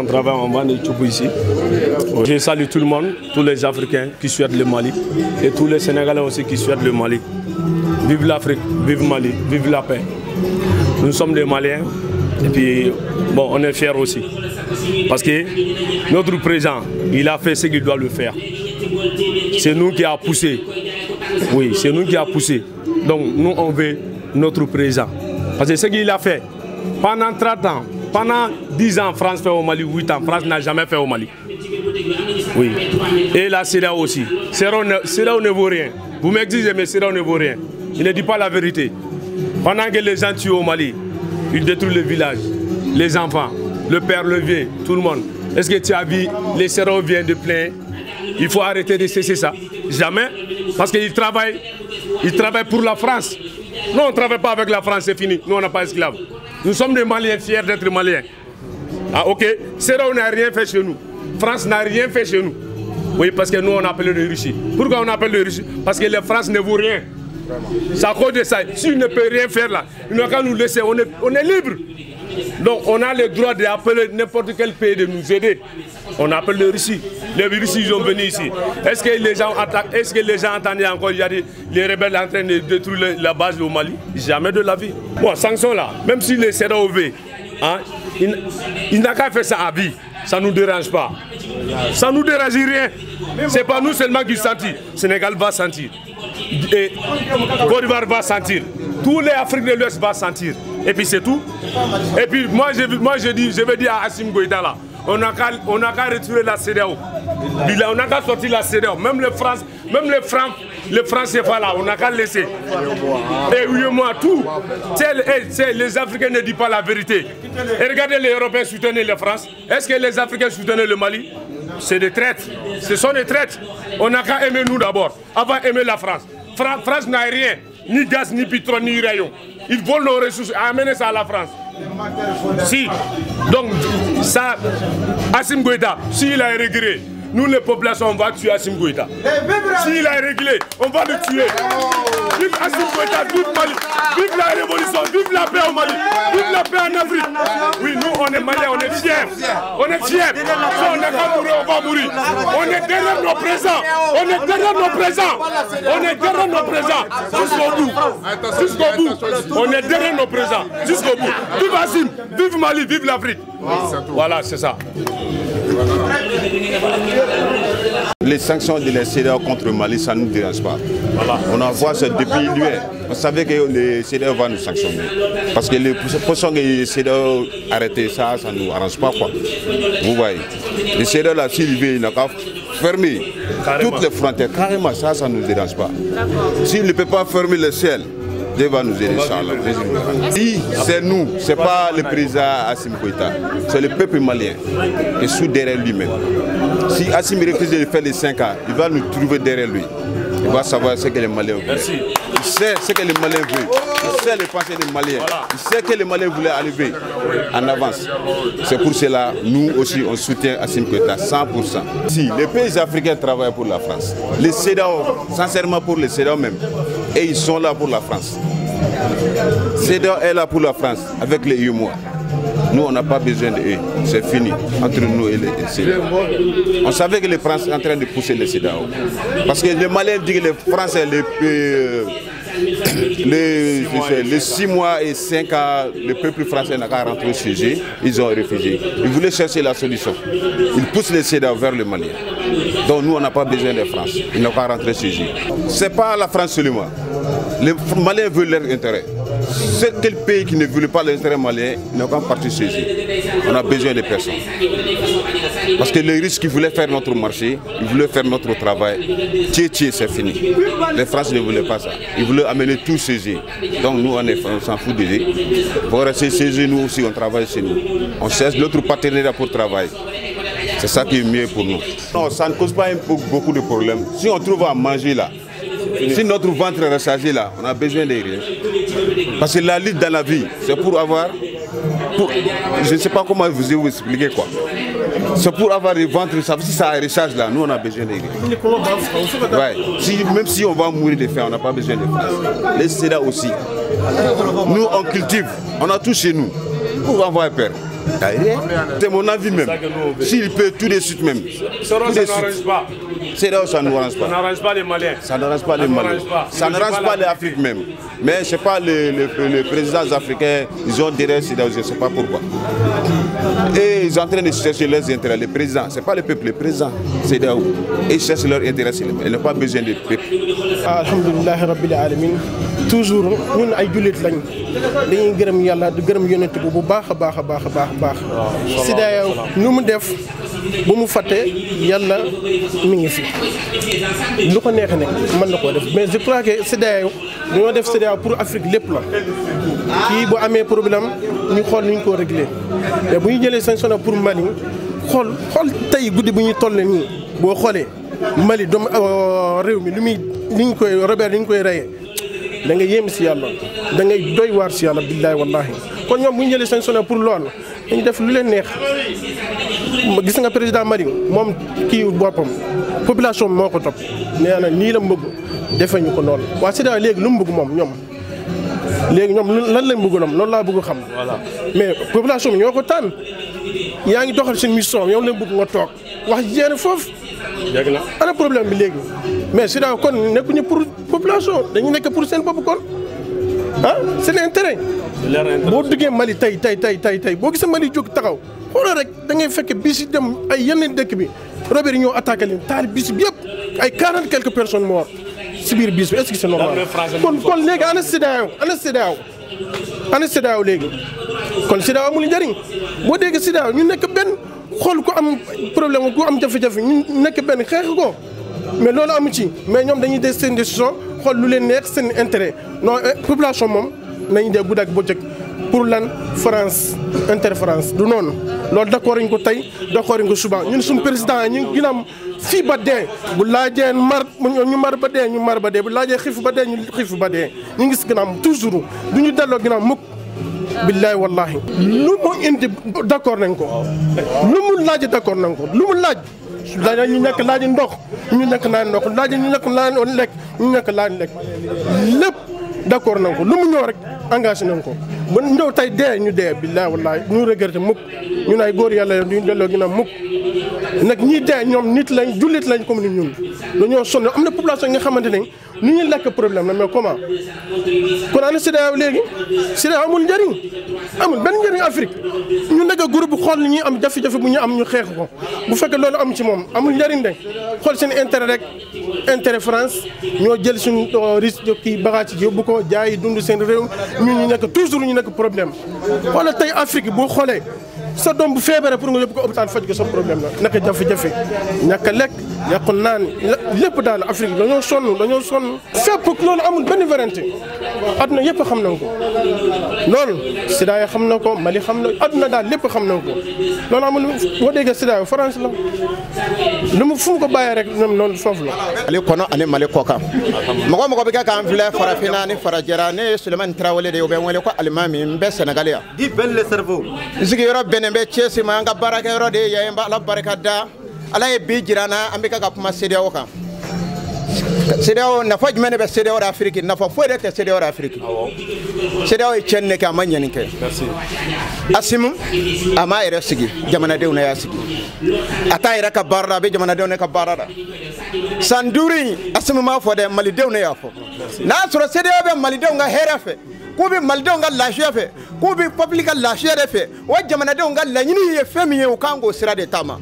On travaille en ici. Je salue tout le monde, tous les Africains qui souhaitent le Mali et tous les Sénégalais aussi qui souhaitent le Mali. Vive l'Afrique, vive Mali, vive la paix. Nous sommes des Maliens et puis bon, on est fiers aussi. Parce que notre président, il a fait ce qu'il doit le faire. C'est nous qui a poussé. Oui, c'est nous qui a poussé. Donc nous, on veut notre président. Parce que ce qu'il a fait pendant 30 ans, pendant 10 ans, France fait au Mali, 8 ans, France n'a jamais fait au Mali. Oui. Et c'est là aussi. on ne vaut rien. Vous m'exigez, mais CEDAO ne vaut rien. Il ne dit pas la vérité. Pendant que les gens tuent au Mali, ils détruisent le village, les enfants, le père, le vieux, tout le monde. Est-ce que tu as vu les CEDAO viennent de plein Il faut arrêter de cesser ça. Jamais. Parce qu'ils travaillent. Ils travaillent pour la France. Nous, on ne travaille pas avec la France, c'est fini. Nous, on n'a pas esclaves. Nous sommes des Maliens fiers d'être Maliens. Ah ok, on n'a rien fait chez nous. France n'a rien fait chez nous. Oui, parce que nous on appelle les Russie. Pourquoi on appelle le Russie Parce que la France ne vaut rien. C'est à cause de ça. on ne peut rien faire là, il n'a qu'à nous laisser. On est, on est libre. Donc on a le droit d'appeler n'importe quel pays de nous aider. On appelle les Russie. Les Russes ils ont venu ici. Est-ce que les gens attaquent Est-ce que les gens entendaient encore il y les rebelles en train de détruire la base au Mali Jamais de la vie. Bon, sanction là, même si les CEDAOV, hein, il, n'a qu'à faire ça à vie. Ça ne nous dérange pas. Ça ne nous dérange rien. Ce n'est pas nous seulement qui sentit. Sénégal va sentir. Et Côte d'Ivoire va sentir. Tous les Africains de l'Ouest vont sentir et puis c'est tout. Et puis moi je, moi, je, dis, je vais dire à Hassim Goïta là, on n'a qu'à retirer la CDAO. on n'a qu'à sortir la CDAO. Même le France, même les franc, le Français pas là, on n'a qu'à laisser. Et oui, moi, tout. Eh, les Africains ne disent pas la vérité. Et regardez les Européens soutenaient la France. Est-ce que les Africains soutenaient le Mali C'est des traites. Ce sont des traites. On n'a qu'à aimer nous d'abord, avant d'aimer la France. France n'a rien, ni gaz, ni pétrole, ni rayon. Ils volent nos ressources amener ça à la France. Si. Donc, ça, Asim Gueda, s'il a regret, nous, les populations, on va tuer Assim Goïta. S'il a réglé, on va le tuer. Oh. Vive Assim Goïta, vive Mali. Vive la révolution, vive la paix au Mali. Vive la paix en Afrique. Oui, nous, on est Maliens, on est fiers. On est fiers. Si on n'est pas mourir, on va mourir. On est derrière nos présents. On est derrière nos présents. On est derrière nos présents. Jusqu'au bout. Jusqu'au bout. On est derrière nos présents. Jusqu'au bout. Vive Assim, vive Mali, vive l'Afrique. Voilà, c'est ça. Les sanctions de la contre le Mali, ça ne nous dérange pas. On en voit ça depuis l'UE. On savait que les va nous sanctionner. Parce que les poissons que les CDAO ça, ça ne nous arrange pas. Quoi. Vous voyez. Les CDAO, s'il il n'a fermer toutes les frontières. Carrément, ça, ça ne nous dérange pas. S'il ne peut pas fermer le ciel, Dieu va nous aider, c'est nous, c'est pas le président Asim Koïta, c'est le peuple malien qui est sous derrière lui-même. Si Asim refuse de faire les 5 ans, il va nous trouver derrière lui. Il va savoir ce que les Maliens veulent. Il sait ce que les Maliens veulent. Il sait les pensées des Maliens. Il sait que les Maliens voulaient arriver en avance. C'est pour cela, nous aussi, on soutient Asim Koïta 100%. Si les pays africains travaillent pour la France, les CEDAO, sincèrement pour les CEDAO même, et ils sont là pour la France. CEDEAO est là pour la France avec les mois. Nous, on n'a pas besoin d'eux. C'est fini entre nous et les On savait que les Français sont en train de pousser les CEDEAO. Parce que les Maliens disent que les Français, les, euh, les, six mois et cinq ans, le peuple français n'a qu'à rentrer chez sujet. Ils ont réfugié. Ils voulaient chercher la solution. Ils poussent les CEDEAO vers le Mali. Donc nous, on n'a pas besoin de France. Ils n'ont pas rentré chez eux. Ce n'est pas la France seulement. Les Maliens veulent leur intérêt. C'est quel pays qui ne voulait pas l'intérêt malien n'a pas parti chez On a besoin des personnes. Parce que les risques qui voulaient faire notre marché, ils voulaient faire notre travail. c'est fini. Les Français ne voulaient pas ça. Ils voulaient amener tout chez Donc nous, on s'en fout des eux. Pour rester chez nous aussi, on travaille chez nous. On cherche notre partenariat pour travailler. C'est ça qui est mieux pour nous. Non, ça ne cause pas beaucoup de problèmes. Si on trouve à manger là, si notre ventre est rechargé là, on a besoin de hein. Parce que la lutte dans la vie, c'est pour avoir... je ne sais pas comment vous, vous expliquer quoi. C'est pour avoir le ventre, ça, si ça recharge là, nous on a besoin de ouais. Même si on va mourir de faim, on n'a pas besoin de faim. laissez aussi. Nous on cultive, on a tout chez nous. Pour avoir peur. C'est mon avis même. S'il peut tout de suite même où ça ne nous arrange pas. Ça n'arrange pas les Maliens. Ça n'arrange pas les Maliens. Ça n'arrange pas, l'Afrique même. Mais je ne sais pas, les, les, les, présidents africains, ils ont des CEDEAO, je ne sais pas pourquoi. Et ils sont en train de chercher leurs intérêts, les présidents. Ce n'est pas le peuple, les présidents, c'est où. Ils cherchent leurs intérêts, ils n'ont pas besoin du peuple. Alhamdulillah, Rabbil Alamin. Toujours, nous, dañuy gërëm nous du gërëm nous bi bu nous nous baax nous baax a nous C'est là Nous def bu mu fàtte yàlla mi ngi fi lu ko neex ne mën na koo def mais je crois que CEDEAO dañoo def CEDEAO pour Afrique lépp la kii bu amee problème ñu xool nu ñu koo réglé mais bu ñu jëlee sanction pour Mali xool xool tey guddi bu ñu toll nii boo xoolee Mali doomu euh, réew mi lu muy ni ñu koy Robert ni ñu koy reye da nga yéem si yàlla da ngay doy waar si yàlla billaay wallahi kon ñoom bu ñu jëlee sanctionné pour loolu ñu def lu leen neex gis nga président Marie moom kii boppam population bi moo ko topp nee na nii la mu bëgg defee ñu ko noonu waa CEDEAO léegi lu mu bëgg moom ñoom. léegi ñoom lan lañ bëggoon am loolu laa bëgg xam. mais population ñoo ko tànn yaa ngi doxal seen mission yow lañ bëgg nga toog wax jeex foofu. yàgg na ana problème bi légui mais SIDA kon ñu pour population dañu nekk pour sen bop kon ah c'est l'intérêt bo duggé Mali tay tay tay tay tay bo gisé Mali jog taxaw xoolal rek da ngay fekk bis yi dem ay yenn dekk bi robert yi ñoo attaqué leen taal bis bi yépp ay 40 quelques personnes mort ci bir bis est-ce que c'est normal kon kon légui ana SIDA ana SIDA ana SIDA légui kon SIDA amul njëriñ boo déggee SIDA ñu nekk benn. xool ku am problème ku am jafe-jafe ñu nekk benn xeex ko mais loolu amu ci mais ñoom dañuy des seen décision xool lu leen neex seen intérêt non euh, population moom nañu dee guddi ak bëccëg pour lan France inter France du noonu loolu d'accord ñu ko tey d'accord ñu ko suba ñun suñu président yi ñu gën fii ba dee bu laajee mar ñu mar ba dee ñu mar ba dee bu laajee xiif ba dee ñu xiif ba dee ñu ngi gis gën am toujours du ñu delloo gën am mukk billaay wallahi lu mu indi d'accord nañ ko lu mu laaj d'accord nañ ko lu mu laaj da ñu nekk laaj ndox ñu nekk naan ndox laaj ñu nekk laan lekk ñu nekk laan lekk lépp d'accord nañ ko lu mu ñëw rek engagé nañ ko ba ñëw tey dee ñu dee billaay wallahi ñu regretté muk ñu ay góor yàlla duñu delloo na mukk nag ñii dee ñoom nit lañ jullit lañ comme ni ñun ñoo sonn am na population yi nga xamante ne ni ñuy lekk problème la mais comment kon ana CEDEAO léegi CEDEAO amul njëriñ amul benn njëriñ Afrique ñu nekk groupe xool ni ñuy am jafe-jafe bu ñu am ñu xeex ko bu fekkee loolu am ci moom amul njëriñ de xool seen intérêt rek intérêt France ñoo jël suñu euh, risque kii bagage ji bu ko jaay dund seen réew ñun ñu nekk toujours ñu nekk problème wala tey Afrique boo xoolee. sa que bu pour nga ko hôpital ko sa problème la naka a lekk ñàkk naan lépp daal Afrique sonu dañu sonu sonn ko lolu amul benn variété aduna yépp xam ko xam ko Mali ko amul France la lu fu ko rek la ali kono de nen bɛ cɛ sima an ka baarakɛyɔrɔ de ye yan ala barika da ala ye bi jira na an bɛ ka ka kuma sedeyaw kan sedeyaw nafa jumɛn ne bɛ sedeyaw de afiriki nafa foyi de tɛ sedeyaw de afiriki sedeyaw ye tiɲɛni de kɛ a ma ɲɛni kɛ asimu a m'a yɛrɛ sigi jamanadenw na y'a sigi a t'a yɛrɛ ka baara la a bɛ jamanadenw ne ka baara la san duuru in asimu m'a fɔ dɛ malidenw ne y'a fɔ n'a sɔrɔ sedeya bɛ malidenw ka hɛrɛ fɛ k'u bɛ malidenw ka lafiya fɛ k'u bɛ pɔbili ka lafiya de fɛ o jamanadenw ka laɲini ye fɛn min ye u kan k'o sira de taama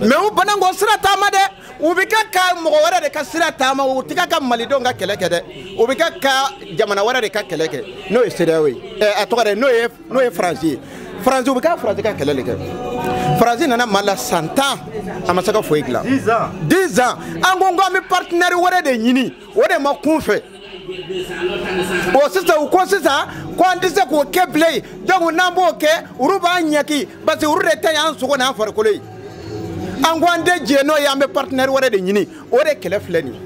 mɛ u bana k'o sira taama dɛ u bɛ kɛ ka mɔgɔ wɛrɛ de ka sira taama u tɛ kɛ ka malidenw ka kɛlɛ kɛ dɛ u bɛ kɛ ka jamana wɛrɛ de ka kɛlɛ kɛ n'o ye sedeyaw ye ɛ a tɔgɔ dɛ n'o ye n'o ye faransi ye faransi u bɛ k'a faransi ka kɛlɛ le kɛ faransi nana mali la san tan a ma se ka foyi dilan dix ans an ko k'an bɛ partenaire wɛrɛ de ɲini o de ma kun fɛ o sisan u ko sisan ko an tɛ se k'o kɛ bilen donc n'an b'o kɛ olu b'an ɲɛki parce que olu de ta y'an sogo n'an farikolo ye an ko an tɛ jɛ n'o ye an bɛ partenaire wɛrɛ de ɲini o de kɛlɛ filɛ nin ye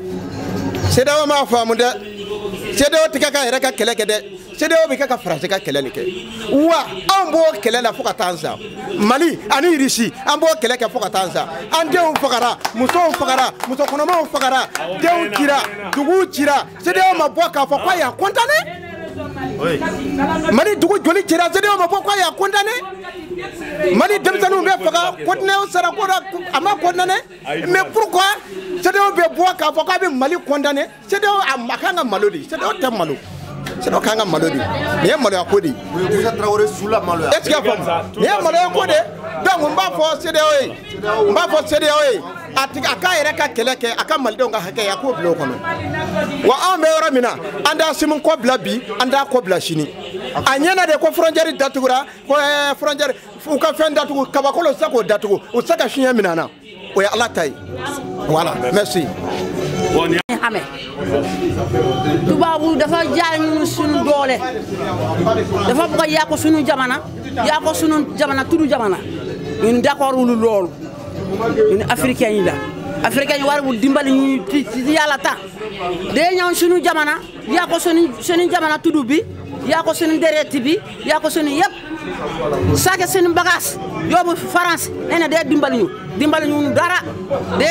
CEDEAO m'a faamu dɛ CEDEAO tɛ ka k'a yɛrɛ ka kɛlɛ kɛ dɛ CDAO bɛ kɛ ka Faransi ka kɛlɛ de kɛ wa anw b'o kɛlɛ la fo ka taa an sa Mali ani Irisi an b'o kɛlɛ kɛ fo ka taa an sa an denw fagara musow fagara musokɔnɔmaw fagara denw cira duguw cira CDAO ma bɔ k'a fɔ k'a y'a condamné Mali dugu joli cira CDAO ma bɔ k'a y'a condamné Mali denmisɛnninw bɛ faga Cotidéen sara ko la a ma condamné mais pourquoi CDAO bɛ bɔ k'a fɔ k'a bɛ Mali condamné CDAO a ma kan ka malo de CDAO tɛ malo sinon k'an ka malo de nin ye maloya ko de e ti ka faamu nin ye maloya ko de donc n b'a fɔ CEDEAO ye n b'a fɔ CEDEAO ye a tigi a k'a yɛrɛ ka kɛlɛ kɛ a ka malidenw ka hakɛ a k'o bila o kɔnɔ wa anw bɛ yɔrɔ min na an t'a simu kɔ bila bi an t'a kɔ bila sini a ɲɛna de ko frontière datugura ko ɛɛ eh, frontière u ka fɛn datugu kabakolo tɛ se k'o datugu u tɛ se ka fiɲɛ minɛ o ye ala ta ye voilà merci. xame tubaabu dafa jaay ñu sunu doole dafa bëgg a yàq sunu jamana yàq sunu jamana tudd jamana ñun d'accord wul loolu ñun africain yi la africain yi war wul dimbali ñu ci yàlla tax day ñëw sunu jamana yàq sunu sunu jamana tudd bi yàq sunu deret bi yàq sunu yëpp. saake bagas yo mo France nee de dee dimbali ñu dimbali ñu dara de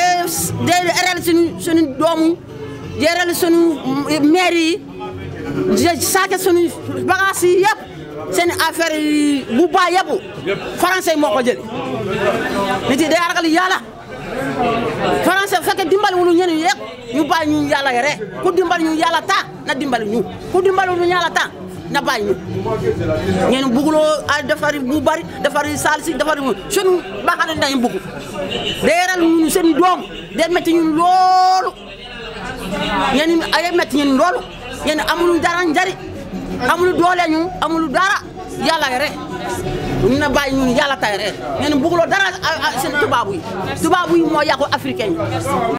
de erel suñu suñu doomu jeral suñu maire yi saake suñu bagas yi yëpp seen affaire yi bu ba yep français moo ko jël nit yi day ragal yàlla français fekke dimbali ñu ñen yep ñu ba ñu yalla yere ku dimbali ñu yalla ta na dimbali ñu ku dimbali ñu yalla ta na bàyyi ñu ne bugguloo ay ah, defari bu bari defari salsi defari mu suñu baaxal nañu bugg deeral ñu doom day métti ñun loolu ñenn ay métti ñun loolu ñenn amul dara njari amul doole ñu amulu dara yàlla rek ñu na bàyyi ñun yàlla tay rek ñenn bugguloo dara ah, ah, seen tubaabu yi moo yàqu africain yi